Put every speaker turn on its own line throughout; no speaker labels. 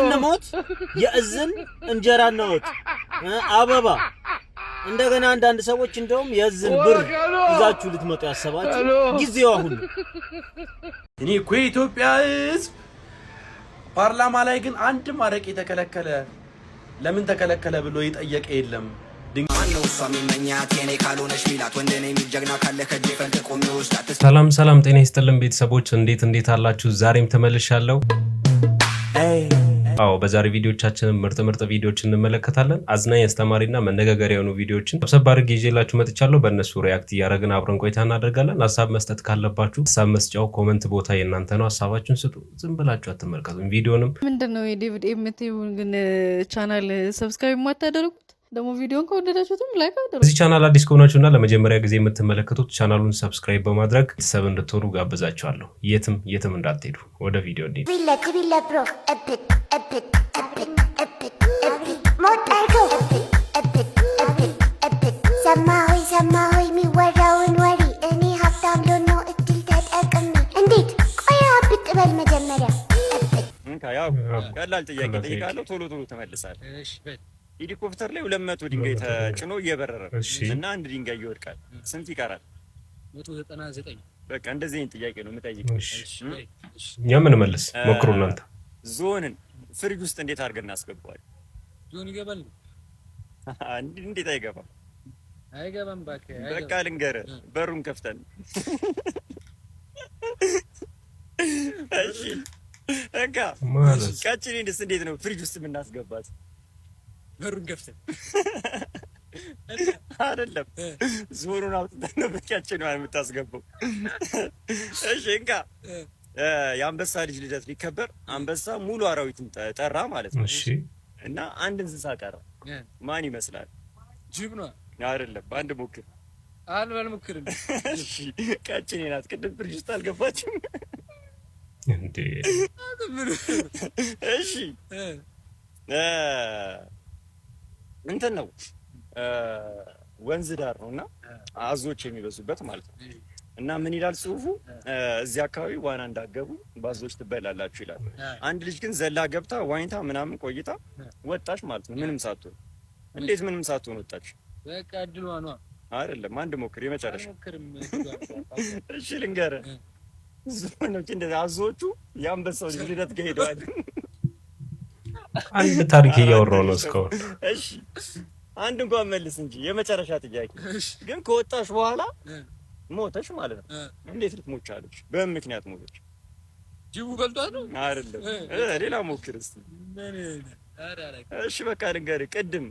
እንሞት የእዝን እንጀራ እና አበባ እንደገና አንዳንድ ሰዎች እንደውም የእዝን ብር ይዛችሁ ልትመጡ ያሰባችሁ ጊዜው አሁን እኔ እኮ የኢትዮጵያ ሕዝብ ፓርላማ ላይ ግን አንድም አረቄ የተከለከለ ለምን ተከለከለ ብሎ የጠየቀ የለም።
ሰላም ሰላም፣ ጤና ይስጥልን ቤተሰቦች፣ እንዴት እንዴት አላችሁ? ዛሬም ተመልሻለሁ። አዎ በዛሬ ቪዲዮቻችን ምርጥ ምርጥ ቪዲዮዎች እንመለከታለን። አዝናኝ፣ አስተማሪና መነጋገሪያ የሆኑ ቪዲዮዎችን ሰብሰብ አድርጌ ይዤላችሁ መጥቻለሁ። በእነሱ ሪያክት እያደረግን አብረን ቆይታ እናደርጋለን። ሀሳብ መስጠት ካለባችሁ ሀሳብ መስጫው ኮመንት ቦታ የእናንተ ነው። ሀሳባችሁን ስጡ። ዝም ብላችሁ አትመልከቱም። ቪዲዮንም
ምንድን ነው የዴቪድ ኤምቲ ግን ቻናል ሰብስክራይብ ማታደርጉ ደግሞ ቪዲዮን ከወደዳችሁትም ላይክ አድርጉ።
እዚህ ቻናል አዲስ ከሆናችሁ እና ለመጀመሪያ ጊዜ የምትመለከቱት ቻናሉን ሰብስክራይብ በማድረግ ቤተሰብ እንድትሆኑ ጋብዛችኋለሁ። የትም የትም እንዳትሄዱ። ወደ ቪዲዮ እንሂድ። ሰማሆይ
የሚወራውን ወሬ እኔ ሀብታም ነው እድል ተጠቅሜ እንዴት ቆያ ብቅ በል መጀመሪያ ቀላል ጥያቄ ጠይቃለሁ፣ ቶሎ ቶሎ ትመልሳለህ። ሄሊኮፕተር ላይ ሁለት መቶ ድንጋይ ተጭኖ እየበረረ እና አንድ ድንጋይ ይወድቃል። ስንት ይቀራል? በቃ እንደዚህ አይነት ጥያቄ ነው የምጠይቀው።
እኛ ምን መልስ ሞክሩ እናንተ።
ዞንን ፍሪጅ ውስጥ እንዴት አድርገን እናስገባዋል? ዞን ይገባል? እንዴት አይገባም? አይገባም። በቃ ልንገር፣ በሩን ከፍተን እሺ፣ በቃ ቀጭኔንስ እንዴት ነው ፍሪጅ ውስጥ የምናስገባት?
በሩን ገፍተን
አይደለም ዞሩን አውጥተን ነው ነው የምታስገባው። እሺ እንካ የአንበሳ ልጅ ልደት ሊከበር አንበሳ ሙሉ አራዊትን ጠራ ማለት ነው። እሺ እና አንድ እንስሳ ቀረ። ማን ይመስላል? ጅብ ነው አይደለም? አንድ ሞክር።
አልሞክርም።
እሺ ቀጭኔ ናት። ቅድም ፍሪጅ ውስጥ አልገባችም እንዴ? እሺ እንትን ነው ወንዝ ዳር ነው እና አዞች የሚበዙበት ማለት ነው። እና ምን ይላል ጽሁፉ? እዚህ አካባቢ ዋና እንዳገቡ በአዞች ትበላላችሁ ይላል። አንድ ልጅ ግን ዘላ ገብታ ዋኝታ ምናምን ቆይታ ወጣች ማለት ነው። ምንም ሳትሆን እንዴት ምንም ሳትሆን ወጣች?
በቃ እድሏ ነው
አይደለም። አንድ ሞክር፣ የመጨረሻ እሺ ልንገርህ። አዞቹ የአንበሳው ልደት ጋር ሄደዋል።
አንድ ታሪክ እያወራሁ ነው እስካሁን።
አንድ እንኳን መልስ እንጂ የመጨረሻ ጥያቄ ግን ከወጣሽ በኋላ ሞተሽ ማለት ነው። እንዴት ልትሞች አለች? በምን ምክንያት ሞተች?
ጅቡ ገልጧት ነው
አይደለም? ሌላ ሞክር እስኪ። እሺ በቃ ልንገርህ፣ ቅድም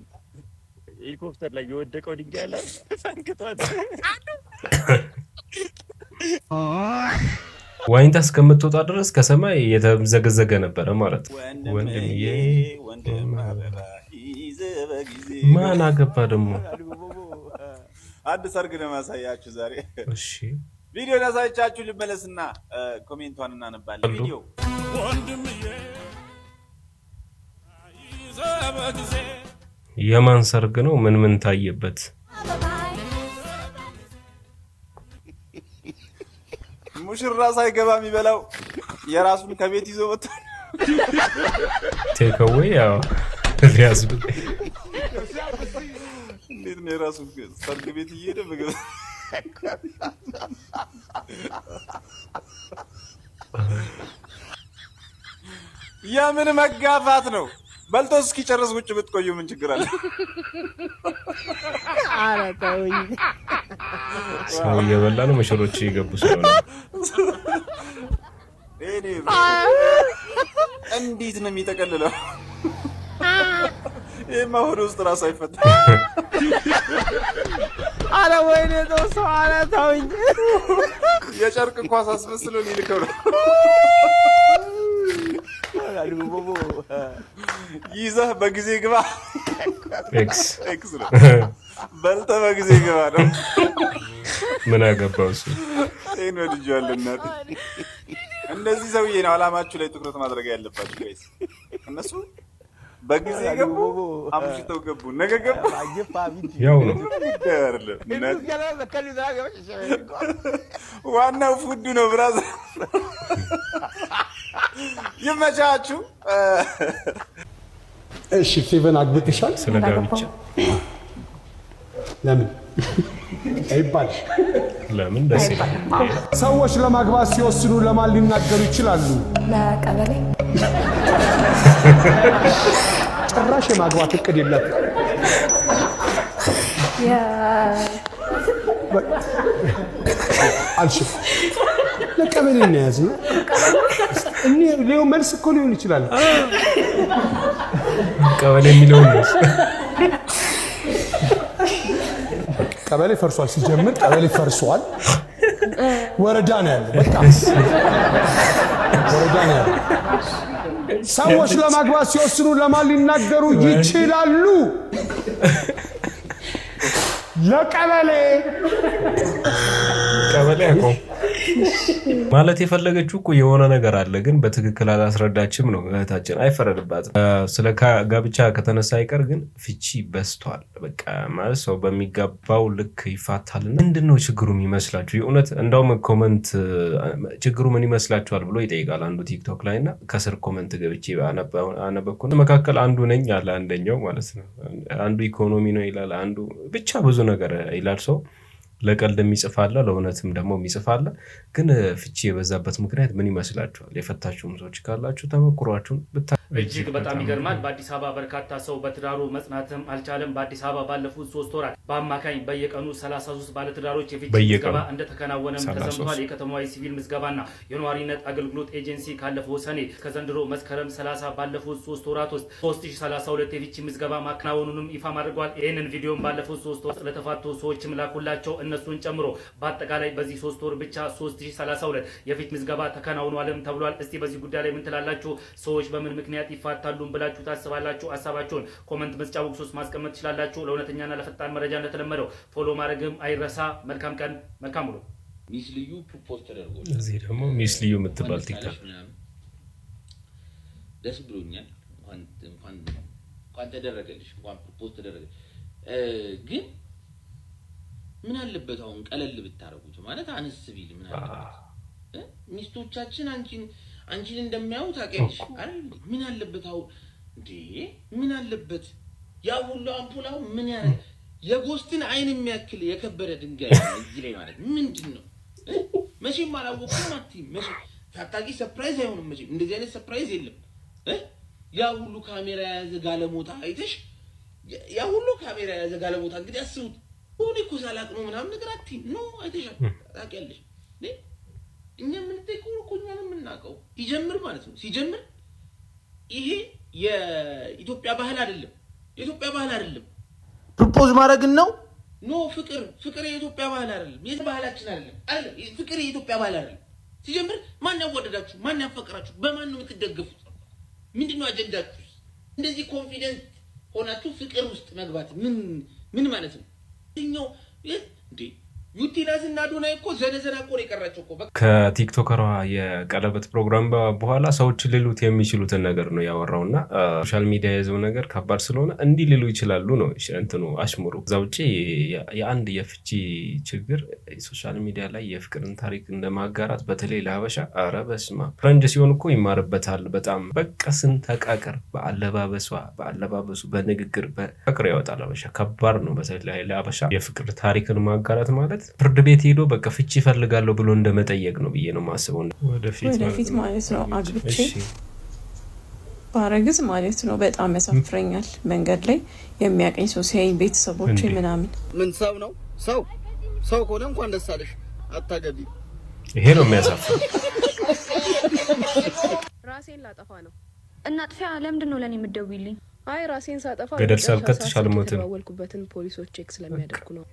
ሄሊኮፕተር ላይ የወደቀው ድንጋይ ላይ ፈንክቷት
ዋኝታ እስከምትወጣ ድረስ ከሰማይ የተዘገዘገ ነበረ ማለት ወንድምዬ ማን አገባ ደግሞ
አንድ ሰርግ ነው ዛሬ። እሺ ቪዲዮ ላሳያችሁ ልመለስና ኮሜንቷን እናነባለን።
የማን ሰርግ ነው? ምን ምን ታየበት?
ሙሽራ ሳይገባ የሚበላው የራሱን ከቤት ይዞ መጥቶ
ቴከዌ ያው ሊያስብ
እንዴት ነው የራሱን ሰርግ ቤት እየሄደ ምግብ የምን መጋፋት ነው? በልቶ እስኪጨርስ ውጭ ብትቆዩ ምን ችግር አለ?
አረ ተውኝ።
ሰው እየበላ ነው። መሸሮች እየገቡ ስለሆነ
እንዴት ነው የሚጠቀልለው? ይህማ ሆድ ውስጥ ራሱ አይፈታም።
አረ ወይኔ ሰው አረ ተውኝ።
የጨርቅ ነው ይዘህ በጊዜ ግባ ኤክስ በልተህ በጊዜ ግባ ነው።
ምን አገባው እሱ።
ይህን ወድጄዋለሁ እናቴ። እንደዚህ ሰውዬ ነው አላማችሁ ላይ ትኩረት ማድረግ ያለባችሁ ጋይስ። እነሱ በጊዜ ገቡ፣ አምሽተው ገቡ፣ ነገ ገቡ። ያው ነው ዋናው ፉዱ ነው ብራዘር። ይመቻችሁ። እሺ ፌቨን አግብተሻል? ለምን አይባል?
ለምን ደስ ይላል።
ሰዎች ለማግባት ሲወስኑ ለማን ሊናገሩ ይችላሉ?
ለቀበሌ።
ጭራሽ የማግባት እቅድ የላት። አልሽ ለቀበሌ ነው የያዝነው። እኔ መልስ እኮ ሊሆን ይችላል
ቀበሌ የሚለው ነው።
ቀበሌ ፈርሷል። ሲጀምር ቀበሌ ፈርሷል። ወረዳ ነው ያለ፣ በጣም ወረዳ ነው ያለ። ሰዎች ለማግባት ሲወስኑ ለማን ሊናገሩ ይችላሉ? ለቀበሌ
ቀበሌ ማለት የፈለገችው እኮ የሆነ ነገር አለ፣ ግን በትክክል አላስረዳችም ነው እህታችን። አይፈረድባትም። ስለ ጋብቻ ከተነሳ አይቀር ግን ፍቺ በዝቷል። በቃ ማለት ሰው በሚገባው ልክ ይፋታል። ምንድን ነው ችግሩ የሚመስላችሁ? የእውነት እንዳውም ኮመንት ችግሩ ምን ይመስላችኋል ብሎ ይጠይቃል አንዱ ቲክቶክ ላይ እና ከስር ኮመንት ገብቼ አነበኩ መካከል አንዱ ነኝ አለ አንደኛው ማለት ነው። አንዱ ኢኮኖሚ ነው ይላል፣ አንዱ ብቻ ብዙ ነገር ይላል ሰው ለቀልድ የሚጽፍ ለእውነትም ደግሞ የሚጽፍ አለ። ግን ፍቺ የበዛበት ምክንያት ምን ይመስላችኋል? የፈታችሁም ሰዎች ካላችሁ ተመክሯችሁን ብታ
እጅግ በጣም ይገርማል። በአዲስ አበባ በርካታ ሰው በትዳሩ መጽናትም አልቻለም። በአዲስ አበባ ባለፉት ሶስት ወራት በአማካኝ በየቀኑ 33 ባለትዳሮች የፊት ምዝገባ እንደተከናወነም ተሰምቷል። የከተማዋ የሲቪል ምዝገባና የነዋሪነት አገልግሎት ኤጀንሲ ካለፈው ሰኔ ከዘንድሮ መስከረም 30 ባለፉት ሶስት ወራት ውስጥ 3032 የፊት ምዝገባ ማከናወኑንም ይፋ አድርጓል። ይህንን ቪዲዮም ባለፉት ሶስት ወር ለተፋቶ ሰዎችም ላኩላቸው እነሱን ጨምሮ በአጠቃላይ በዚህ ሶስት ወር ብቻ 3032 የፊት ምዝገባ ተከናውኗልም ተብሏል። እስቲ በዚህ ጉዳይ ላይ ምን ትላላችሁ? ሰዎች በምን ምክንያት ምክንያት ይፋታሉን ብላችሁ ታስባላችሁ? ሀሳባችሁን ኮመንት መስጫ ቦክስ ውስጥ ማስቀመጥ ትችላላችሁ። ለእውነተኛና ለፈጣን መረጃ እንደተለመደው ፎሎ ማድረግም አይረሳ። መልካም ቀን፣ መልካም ውሎ። ሚስ ልዩ ፕሮፖዝ ተደርጎ
እዚህ ደግሞ ሚስ ልዩ የምትባል ቲክታክ
ደስ ብሎኛል። እንኳን ተደረገልሽ፣ እንኳን ፕሮፖዝ ተደረገ። ግን ምን አለበት አሁን ቀለል ብታደረጉት ማለት አንስ ቢል ምን አለበት ሚስቶቻችን አንቺን አንቺን እንደሚያዩ ታውቂያለሽ አይደል? ምን አለበት አሁን እንዴ? ምን አለበት ያ ሁሉ አምፖል አሁን ምን ያ የጎስትን አይን የሚያክል የከበረ ድንጋይ እዚህ ላይ ማለት ምንድን ነው? መቼም አላወቅኩም አትይም። መቼ ታጣቂ ሰፕራይዝ አይሆንም። መቼም እንደዚህ አይነት ሰርፕራይዝ የለም። ያ ሁሉ ካሜራ የያዘ ጋለሞታ አይተሽ፣ ያ ሁሉ ካሜራ የያዘ ጋለሞታ እንግዲህ አስቡት። ሆኔ እኮ ሳላቅ ነው ምናምን ነገር አትይም። ኖ አይተሻል፣ ታውቂያለሽ እኛ የምንጠይቀው እኮ እኛ ነው የምናውቀው። ሲጀምር ማለት ነው ሲጀምር ይሄ የኢትዮጵያ ባህል አይደለም። የኢትዮጵያ ባህል አይደለም።
ፕሮፖዝ ማድረግን ነው
ኖ ፍቅር ፍቅር የኢትዮጵያ ባህል አይደለም። የት ባህላችን አይደለም አይደለም። ፍቅር የኢትዮጵያ ባህል አይደለም። ሲጀምር ማን ያወደዳችሁ? ማን ያፈቅራችሁ? በማን ነው የምትደገፉት? ምንድን ነው አጀንዳችሁ? እንደዚህ ኮንፊደንት ሆናችሁ ፍቅር ውስጥ መግባት ምን ምን ማለት ነው? እንዴ ዩቲናዝ እና ዶናይ እኮ ዘነዘና እኮ ነው የቀራቸው እኮ።
ከቲክቶከሯ የቀለበት ፕሮግራም በኋላ ሰዎች ሊሉት የሚችሉትን ነገር ነው ያወራው እና ሶሻል ሚዲያ የያዘው ነገር ከባድ ስለሆነ እንዲህ ሊሉ ይችላሉ ነው እንትኑ አሽሙሩ። እዛ ውጭ የአንድ የፍቺ ችግር ሶሻል ሚዲያ ላይ የፍቅርን ታሪክ እንደማጋራት በተለይ ለሀበሻ ኧረ በስመ አብ ሲሆን እኮ ይማርበታል በጣም በቃ ስንተቃቀር በአለባበሷ በአለባበሱ በንግግር በፍቅር ያወጣል ሀበሻ ከባድ ነው። በተለይ ለሀበሻ የፍቅር ታሪክን ማጋራት ማለት ፍርድ ቤት ሄዶ በቃ ፍቺ ይፈልጋለሁ ብሎ እንደመጠየቅ ነው ብዬ ነው የማስበው።
ወደፊት ማለት ነው አግብቼ ባረግዝ ማለት ነው በጣም ያሳፍረኛል። መንገድ ላይ የሚያቀኝ ሰው ሲያይኝ ቤተሰቦች ምናምን
ምን ሰው ነው ሰው ሰው ከሆነ እንኳን ደስ አለሽ አታገቢ።
ይሄ ነው የሚያሳፍር።
ራሴን ላጠፋ ነው እና ጥፊያ ለምንድን ነው ለእኔ የምትደውይልኝ? አይ ራሴን ሳጠፋ
ገደል ሳልከትሽ አልሞትም።
ወልኩበትን ፖሊሶች ቼክ ስለሚያደርጉ ነው።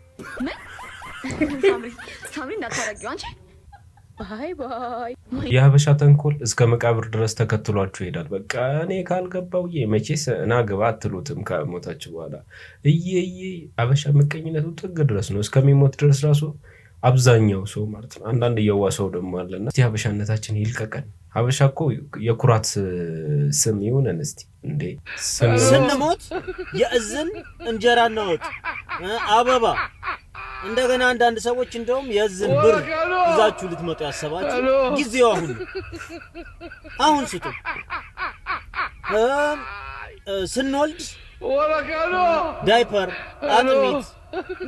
ሳምሪ እንዳታረጊው አንቺ። ባይ ባይ።
የሀበሻ ተንኮል እስከ መቃብር ድረስ ተከትሏችሁ ይሄዳል። በቃ እኔ ካልገባው ዬ መቼስ እና ግባ አትሉትም። ከሞታችሁ በኋላ እየዬ ሀበሻ ምቀኝነቱ ጥግ ድረስ ነው። እስከሚሞት ድረስ ራሱ አብዛኛው ሰው ማለት ነው። አንዳንድ እየዋ ሰው ደግሞ አለና እስቲ ሀበሻነታችን ይልቀቀን። ሀበሻ እኮ የኩራት ስም ይሁነን። እስቲ እንዴ
ስንሞት የእዝን እንጀራ ነወጥ አበባ እንደገና አንዳንድ ሰዎች እንደውም የዝን ብር ይዛችሁ ልትመጡ ያሰባችሁ ጊዜው አሁን አሁን ስጡ። ስንወልድ ዳይፐር፣ አጥሚት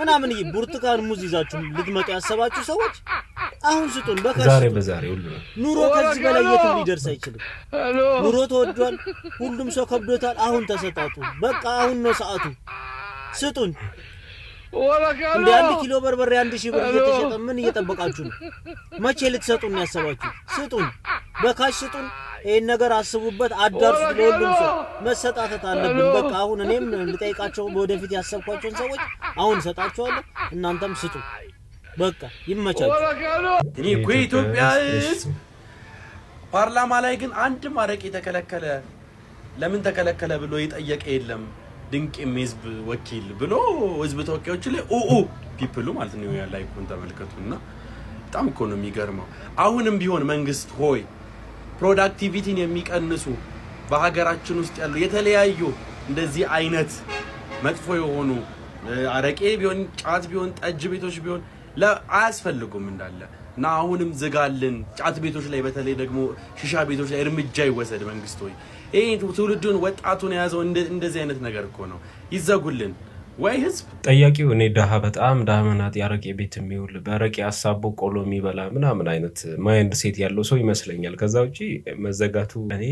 ምናምን ብርቱካን፣ ሙዝ ይዛችሁ ልትመጡ ያሰባችሁ ሰዎች አሁን ስጡን። በዛሬ ኑሮ ከዚህ በላይ የት ሊደርስ አይችልም። ኑሮ ተወዷል። ሁሉም ሰው ከብዶታል። አሁን ተሰጣጡ። በቃ አሁን ነው ሰዓቱ። ስጡን። እንደ አንድ ኪሎ በርበሬ አንድ ሺህ ብር እየተሸጠ ምን እየጠበቃችሁ ነው? መቼ ልትሰጡን ያሰባችሁ? ስጡን፣ በካሽ ስጡን። ይህን ነገር አስቡበት፣ አዳርሱ። ለሁሉም ሰው መሰጣተት አለብን። በቃ አሁን እኔም ልጠይቃቸው ወደፊት ያሰብኳቸውን ሰዎች አሁን እሰጣቸዋለሁ። እናንተም ስጡ። በቃ ይመቻችሁ። እኔ እኮ የኢትዮጵያ ሕዝብ ፓርላማ ላይ ግን አንድም አረቄ የተከለከለ ለምን ተከለከለ ብሎ የጠየቀ የለም። ድንቅ የህዝብ ወኪል ብሎ ህዝብ ተወካዮች ላይ ኦኦ ፒፕሉ ማለት ነው ያለ አይኮን ተመልከቱ። እና በጣም እኮ ነው የሚገርመው። አሁንም ቢሆን መንግስት ሆይ ፕሮዳክቲቪቲን የሚቀንሱ በሀገራችን ውስጥ ያሉ የተለያዩ እንደዚህ አይነት መጥፎ የሆኑ አረቄ ቢሆን ጫት ቢሆን ጠጅ ቤቶች ቢሆን አያስፈልጉም እንዳለ እና አሁንም ዝጋልን። ጫት ቤቶች ላይ በተለይ ደግሞ ሽሻ ቤቶች ላይ እርምጃ ይወሰድ መንግስት ሆይ። ይህ ትውልዱን ወጣቱን የያዘው እንደዚህ አይነት ነገር እኮ ነው። ይዘጉልን ወይ ህዝብ
ጠያቂው እኔ ድሀ በጣም ዳመናት መናጢ አረቄ ቤት የሚውል በአረቄ አሳቦ ቆሎ የሚበላ ምናምን አይነት ማይንድ ሴት ያለው ሰው ይመስለኛል። ከዛ ውጪ መዘጋቱ እኔ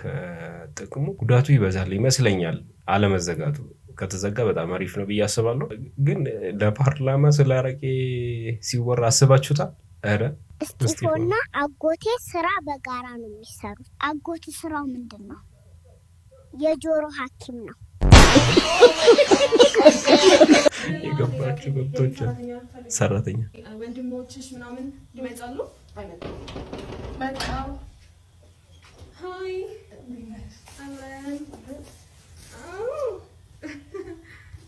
ከጥቅሙ ጉዳቱ ይበዛል ይመስለኛል አለመዘጋቱ ከተዘጋ በጣም አሪፍ ነው ብዬ አስባለሁ። ግን ለፓርላማ ስለ አረቄ ሲወራ አስባችሁታል? ኧረ
እስጢፎና አጎቴ ስራ በጋራ ነው የሚሰሩት። አጎቴ ስራው ምንድን ነው? የጆሮ ሐኪም ነው።
የገባችሁ ገብቶች ሰራተኛ
ወንድሞችሽ ምናምን ይመጣሉ።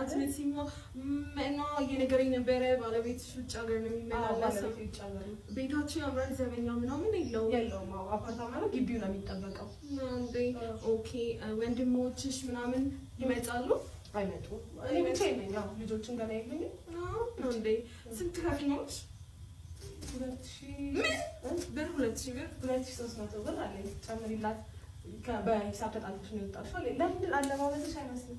አትመሲም ነው እና እየነገረኝ ነበረ። ባለቤትሽ ውጭ ሀገር ነው የሚመላለሰው። ቤታችን አብረን ዘበኛ ምናምን የለውም የለውም። አፓርታማ ነው፣ ግቢው ነው የሚጠበቀው። ኦኬ ወንድሞችሽ ምናምን ይመጣሉ አይመጡም? ልጆችን ገና የለኝም። ስንት ከፍለሽ? ብር ሁለት ሺህ ብር ሁለት ሺህ ሦስት መቶ ብር አለኝ። ጨምሪላት። በሂሳብ ተጣልተሽ ነው የወጣሽው። ለምን አለባበስሽ አይመስልም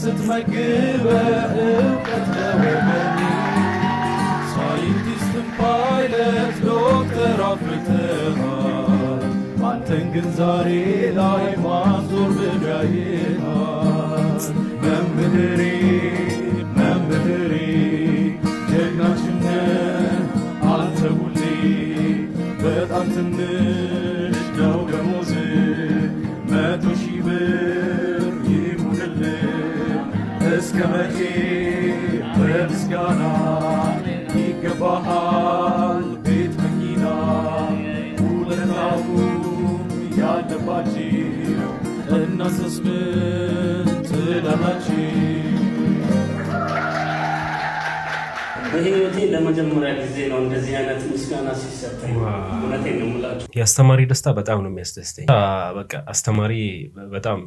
ስትመግበ እውቀት ለወገን ሳይንቲስትም ፓይለት ዶክተር አፍርተሃል። አንተን ግን ዛሬ ላይ ማዞር ብዳይሃል። መምህሬ መምህሬ ደግናችን አንተ ሁሌ በጣም ትን በህይወቴ ለመጀመሪያ ጊዜ ነው እንደዚህ አይነት ምስጋና ሲሰጠኝ። እውነቴን ነው የምላቸው። የአስተማሪ ደስታ በጣም ነው የሚያስደስተኝ። በቃ አስተማሪ በጣም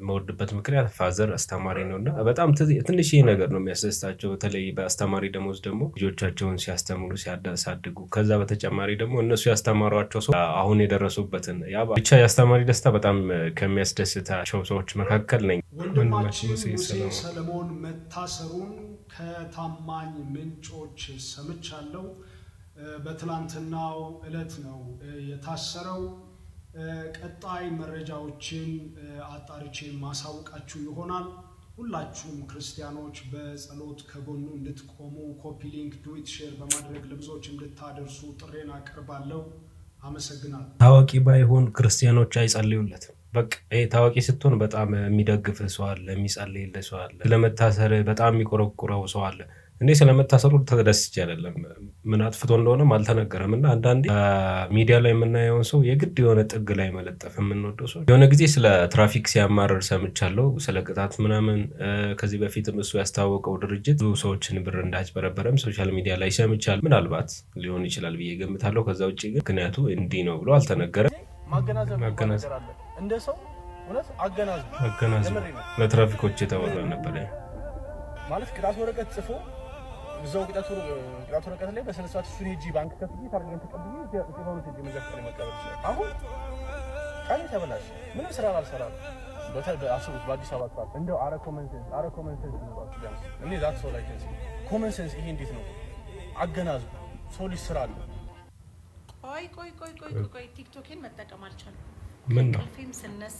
የምወድበት ምክንያት ፋዘር አስተማሪ ነው እና በጣም ትንሽ ይሄ ነገር ነው የሚያስደስታቸው። በተለይ በአስተማሪ ደሞዝ ደግሞ ልጆቻቸውን ሲያስተምሩ ሲያሳድጉ፣ ከዛ በተጨማሪ ደግሞ እነሱ ያስተማሯቸው ሰው አሁን የደረሱበትን ብቻ የአስተማሪ ደስታ በጣም ከሚያስደስታቸው ሰዎች መካከል ነኝ።
ወንድማችን ሰለሞን መታሰሩን ከታማኝ ምንጮች ሰምቻለሁ። በትላንትናው እለት ነው የታሰረው። ቀጣይ መረጃዎችን አጣርቼ ማሳውቃችሁ ይሆናል። ሁላችሁም ክርስቲያኖች በጸሎት ከጎኑ እንድትቆሙ ኮፒ ሊንክ፣ ዱዊት ሼር በማድረግ ለብዙዎች እንድታደርሱ ጥሬን አቀርባለሁ። አመሰግናል።
ታዋቂ ባይሆን ክርስቲያኖች አይጸልዩለትም። በቃ ታዋቂ ስትሆን በጣም የሚደግፍ ሰው አለ፣ የሚጸልይልህ ሰው አለ፣ ስለመታሰር በጣም የሚቆረቁረው ሰው አለ። እኔ ስለመታሰሩ ተደስቼ አይደለም፣ ምን አጥፍቶ እንደሆነም አልተነገረም። እና አንዳንዴ ሚዲያ ላይ የምናየውን ሰው የግድ የሆነ ጥግ ላይ መለጠፍ የምንወደው ሰው የሆነ ጊዜ ስለ ትራፊክ ሲያማርር ሰምቻለሁ፣ ስለ ቅጣት ምናምን። ከዚህ በፊትም እሱ ያስታወቀው ድርጅት ብዙ ሰዎችን ብር እንዳጭበረበረም ሶሻል ሚዲያ ላይ ሰምቻለሁ። ምናልባት ሊሆን ይችላል ብዬ ገምታለሁ። ከዛ ውጭ ግን ምክንያቱ እንዲህ ነው ብሎ አልተነገረም።
ማገናዘብ እንደ ሰው እውነት አገናዝ
አገናዝ ለትራፊኮች የተባለ ነበር
ማለት ቅጣት ወረቀት ጽፎ እዛው ቅጣት ወረቀት ላይ በስነ ስርዓት እሱን ሄጂ ባንክ ከፍዬ ታርገን ተቀብዬ ጽፈውት ሄጂ መዘፈን መቀበል ይችላል። አሁን ቀን ተበላሽ ምንም ስራ አልሰራ አስቡት። በአዲስ አበባ ሰዓት እንደው አረ ኮመንሰንስ አረ ኮመንሰንስ ይባል ቢያንስ እኔ ዛት ሰው ላይ ኮመንሰንስ ይሄ እንዴት ነው አገናዝ ሰው ልጅ ስራ አለ።
ቆይ ቆይ ቆይ ቆይ ቆይ ቲክቶክን መጠቀም አልቻልኩም። ከእንቅልፌም ስነሳ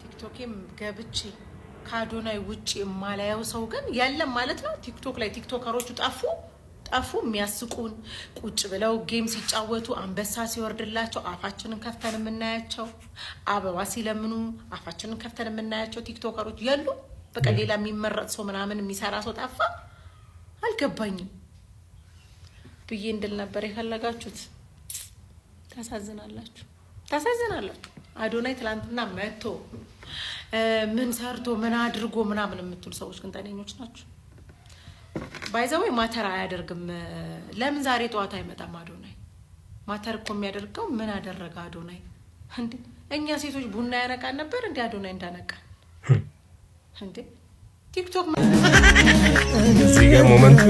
ቲክቶኬም ገብቼ ከአዶናይ ውጭ የማላየው ሰው ግን የለም ማለት ነው። ቲክቶክ ላይ ቲክቶከሮቹ ጠፉ ጠፉ። የሚያስቁን ቁጭ ብለው ጌም ሲጫወቱ አንበሳ ሲወርድላቸው አፋችንን ከፍተን የምናያቸው፣ አበባ ሲለምኑ አፋችንን ከፍተን የምናያቸው ቲክቶከሮች የሉ። በቃ ሌላ የሚመረጥ ሰው ምናምን የሚሰራ ሰው ጠፋ። አልገባኝም ብዬ እንድል ነበር የፈለጋችሁት። ታሳዝናላችሁ። ታሳዝናላችሁ። አዶናይ ትላንትና መቶ ምን ሰርቶ ምን አድርጎ ምናምን የምትሉ ሰዎች ግን ጤነኞች ናቸው። ባይዘወይ ማተር አያደርግም። ለምን ዛሬ ጠዋት አይመጣም አዶናይ? ማተር እኮ የሚያደርገው ምን አደረገ አዶናይ? እንዴ እኛ ሴቶች ቡና ያነቃን ነበር እንዴ? አዶናይ እንዳነቃን እንዴ ቲክቶክ
ሞመንቱ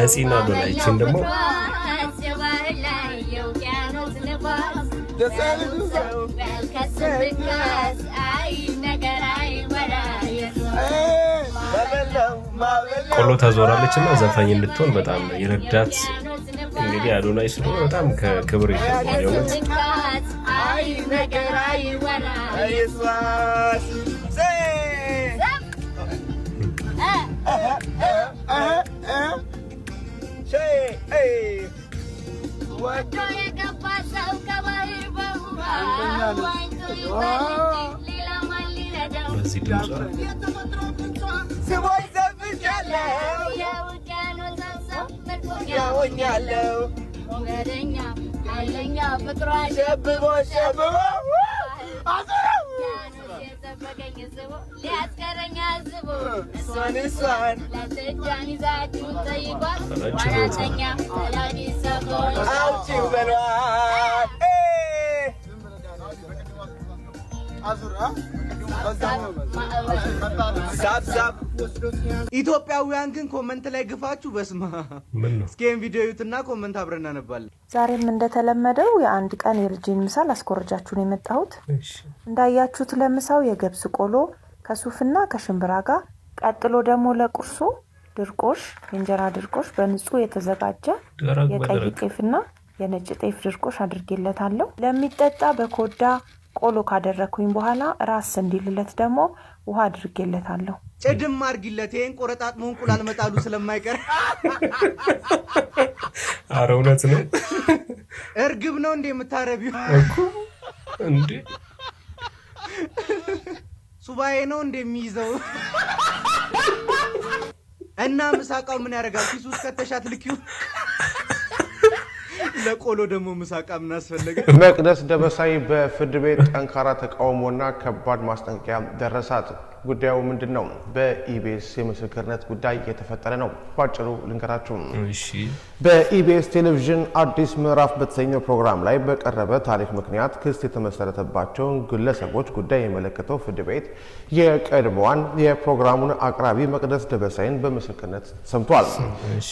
ነፂና በላይችን ደግሞ ቆሎ ታዞራለች እና ዘፋኝ እንድትሆን በጣም የረዳት እንግዲህ አዶናይ ስለሆነ በጣም ከክብር ይገባል።
ወዶ የገባ ሰው ከባህር በውሃ ዋኝቶ ይባል ሌላ ማን ሊረዳው? ስቦይ ዘፍቻለሁ የውቅያኖስ ሀሳብ መድፎኛ ሆኛለሁ። ሞገደኛ ኃይለኛ ፍቅሯ ሸብቦ ሸብቦ አዙረው ጠበቀኝ ዝቦ ሊያስቀረኝ አዝቦ እሷን እሷን ለትጃን ይዛችሁን ጠይቋል። ዋናተኛ ሰላም ይሰቦን አውጪው በሏል አዙራ ኢትዮጵያውያን ግን ኮመንት ላይ ግፋችሁ በስማ እስኪም ቪዲዮ ዩትና ኮመንት አብረን እናነባለን።
ዛሬም እንደተለመደው የአንድ ቀን የልጅን ምሳል አስኮረጃችሁን የመጣሁት እንዳያችሁት ለምሳው የገብስ ቆሎ ከሱፍና ከሽምብራ ጋር፣ ቀጥሎ ደግሞ ለቁርሱ ድርቆሽ የእንጀራ ድርቆሽ በንጹህ የተዘጋጀ የቀይ ጤፍና የነጭ ጤፍ ድርቆሽ አድርጌለታለሁ። ለሚጠጣ በኮዳ ቆሎ ካደረግኩኝ በኋላ ራስ እንዲልለት ደግሞ ውሃ አድርጌለታለሁ።
ጭድም አድርጊለት። ይህን ቆረጣጥሞ እንቁላል መጣሉ ስለማይቀር
አረ እውነት ነው።
እርግብ ነው እንዴ የምታረቢው? እንዴ ሱባኤ ነው የሚይዘው? እና ምሳቃው ምን ያደርጋል? ኪሱ ውስጥ ከተሻት ልኪው ለቆሎ ደግሞ ምሳቃ ምን አስፈለገ? መቅደስ ደበሳይ በፍርድ ቤት ጠንካራ ተቃውሞና ከባድ ማስጠንቀቂያ ደረሳት። ጉዳዩ ምንድን ነው? በኢቢኤስ የምስክርነት ጉዳይ የተፈጠረ ነው። ባጭሩ ልንገራችሁ። በኢቢኤስ ቴሌቪዥን አዲስ ምዕራፍ በተሰኘው ፕሮግራም ላይ በቀረበ ታሪክ ምክንያት ክስ የተመሰረተባቸውን ግለሰቦች ጉዳይ የመለከተው ፍርድ ቤት የቀድሞዋን የፕሮግራሙን አቅራቢ መቅደስ ደበሳይን በምስክርነት ሰምቷል።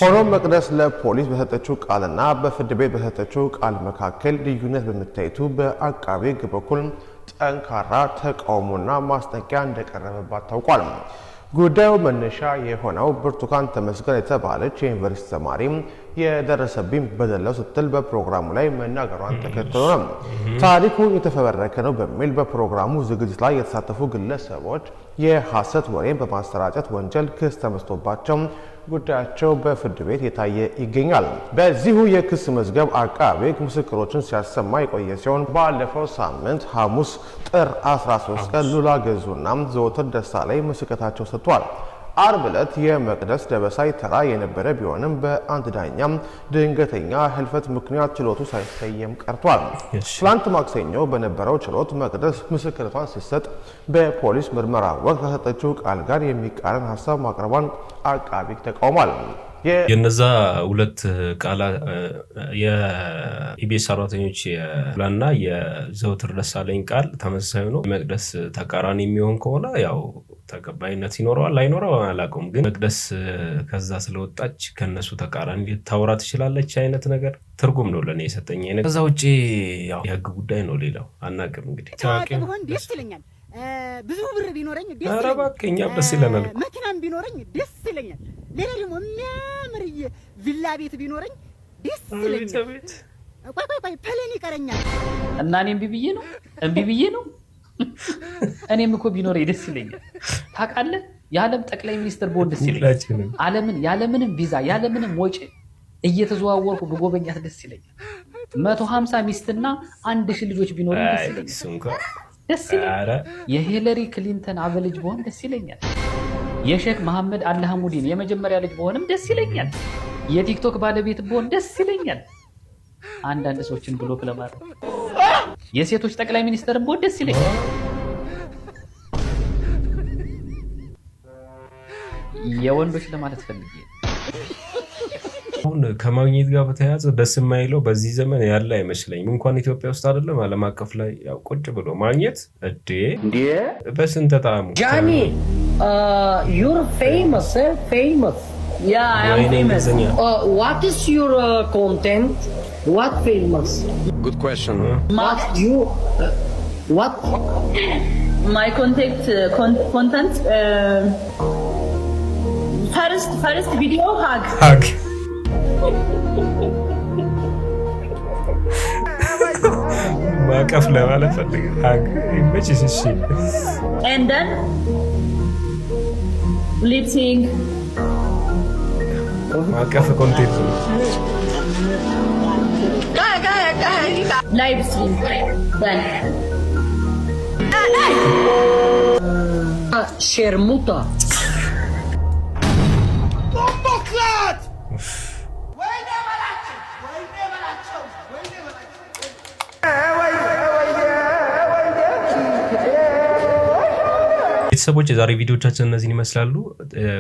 ሆኖም መቅደስ ለፖሊስ በሰጠችው ቃልና በፍርድ ቤት በተሰጠችው ቃል መካከል ልዩነት በመታየቱ በአቃቤ ሕግ በኩል ጠንካራ ተቃውሞና ማስጠንቀቂያ እንደቀረበባት ታውቋል። ጉዳዩ መነሻ የሆነው ብርቱካን ተመስገን የተባለች የዩኒቨርሲቲ ተማሪ የደረሰብኝ በደል ስትል በፕሮግራሙ ላይ መናገሯን ተከትሎ ነው። ታሪኩ የተፈበረከ ነው በሚል በፕሮግራሙ ዝግጅት ላይ የተሳተፉ ግለሰቦች የሐሰት ወሬን በማሰራጨት ወንጀል ክስ ተመስቶባቸው ጉዳያቸው በፍርድ ቤት የታየ ይገኛል። በዚሁ የክስ መዝገብ አቃቤ ሕግ ምስክሮችን ሲያሰማ የቆየ ሲሆን ባለፈው ሳምንት ሐሙስ ጥር 13 ቀን ሉላ ገዙና ዘወትር ደስታ ላይ ምስክርነታቸውን ሰጥቷል። አርብ ዕለት የመቅደስ ደበሳይ ተራ የነበረ ቢሆንም በአንድ ዳኛ ድንገተኛ ህልፈት ምክንያት ችሎቱ ሳይሰየም ቀርቷል። ትላንት ማክሰኞ በነበረው ችሎት መቅደስ ምስክርቷን ስትሰጥ በፖሊስ ምርመራ ወቅት ከሰጠችው ቃል ጋር የሚቃረን ሀሳብ ማቅረቧን አቃቢ ተቃውሟል።
የነዛ ሁለት ቃላ የኢቢኤስ ሰራተኞች ላና የዘውትር ደሳለኝ ቃል ተመሳሳይ ነው። መቅደስ ተቃራኒ የሚሆን ከሆነ ያው ተቀባይነት ይኖረዋል አይኖረው አላውቀውም። ግን መቅደስ ከዛ ስለወጣች ከነሱ ተቃራኒ ታውራ ትችላለች አይነት ነገር ትርጉም ነው ለእኔ የሰጠኝ አይነት። ከዛ ውጭ የህግ ጉዳይ ነው ሌላው አናውቅም። እንግዲህ
ደስ ይለኛል። ብዙ
ብር ቢኖረኝ ደስ ይለኛል። ኧረ ደስ ይለናል።
መኪናም ቢኖረኝ ደስ ይለኛል። ሌላ ደግሞ የሚያምር ቪላ ቤት ቢኖረኝ ደስ ይለኛል። ቆይ ቆይ ቆይ ፕሌን
ይቀረኛል እና እኔ እምቢ ብዬ ነው እምቢ ብዬ ነው እኔም እኮ ቢኖር ደስ ይለኛል። ታውቃለህ፣ የዓለም ጠቅላይ ሚኒስትር በሆን ደስ ይለኛል። ዓለምን ያለምንም ቪዛ ያለምንም ወጪ እየተዘዋወርኩ ብጎበኛት ደስ ይለኛል። መቶ ሀምሳ ሚስትና አንድ ሺህ ልጆች ቢኖሩ ደስ ይለኛል። ደስ ይለኛል። የሂለሪ ክሊንተን አበልጅ በሆን ደስ ይለኛል። የሼክ መሐመድ አልሐሙዲን የመጀመሪያ ልጅ በሆንም ደስ ይለኛል። የቲክቶክ ባለቤት በሆን ደስ ይለኛል። አንዳንድ ሰዎችን ብሎክ ለማድረግ የሴቶች ጠቅላይ ሚኒስተር ቦ ደስ ይለኝ። የወንዶች ለማለት ፈልጌ
አሁን ከማግኘት ጋር በተያያዘ ደስ የማይለው በዚህ ዘመን ያለ አይመስለኝም። እንኳን ኢትዮጵያ ውስጥ አይደለም ዓለም አቀፍ ላይ ያው ቁጭ ብሎ ማግኘት እዴ እንዴ በስንት ጣሙ
ጃኒ ዩር ፌመስ ፌመስ ያ አይ ዋት ኢዝ ዩር ኮንቴንት What famous?
Good question.
What you? Uh, what?
My contact uh, con- content. Uh, first first video hug.
Hug.
ማቀፍ ለማለት ፈልግ ሀግ ይመችሽ። እሺ
and then lip sync
ማቀፍ ኮንቴንት
Livestream ban. Ah, ah.
ah, Schermutter.
Bomboklat!
ቤተሰቦች የዛሬ ቪዲዮቻችን እነዚህን ይመስላሉ።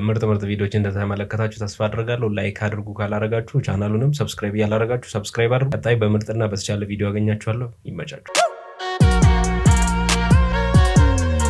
ምርጥ ምርጥ ቪዲዮች እንደተመለከታችሁ ተስፋ አድርጋለሁ። ላይክ አድርጉ ካላረጋችሁ፣ ቻናሉንም ሰብስክራይብ ያላረጋችሁ ሰብስክራይብ አድርጉ። ቀጣይ በምርጥና በተቻለ ቪዲዮ አገኛችኋለሁ። ይመቻችሁ።